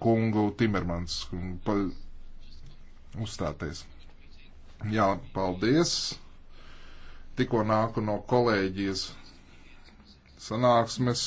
kungu Timermans pa, uzstāties. Jā, paldies. Tikko nāku no kolēģijas sanāksmes.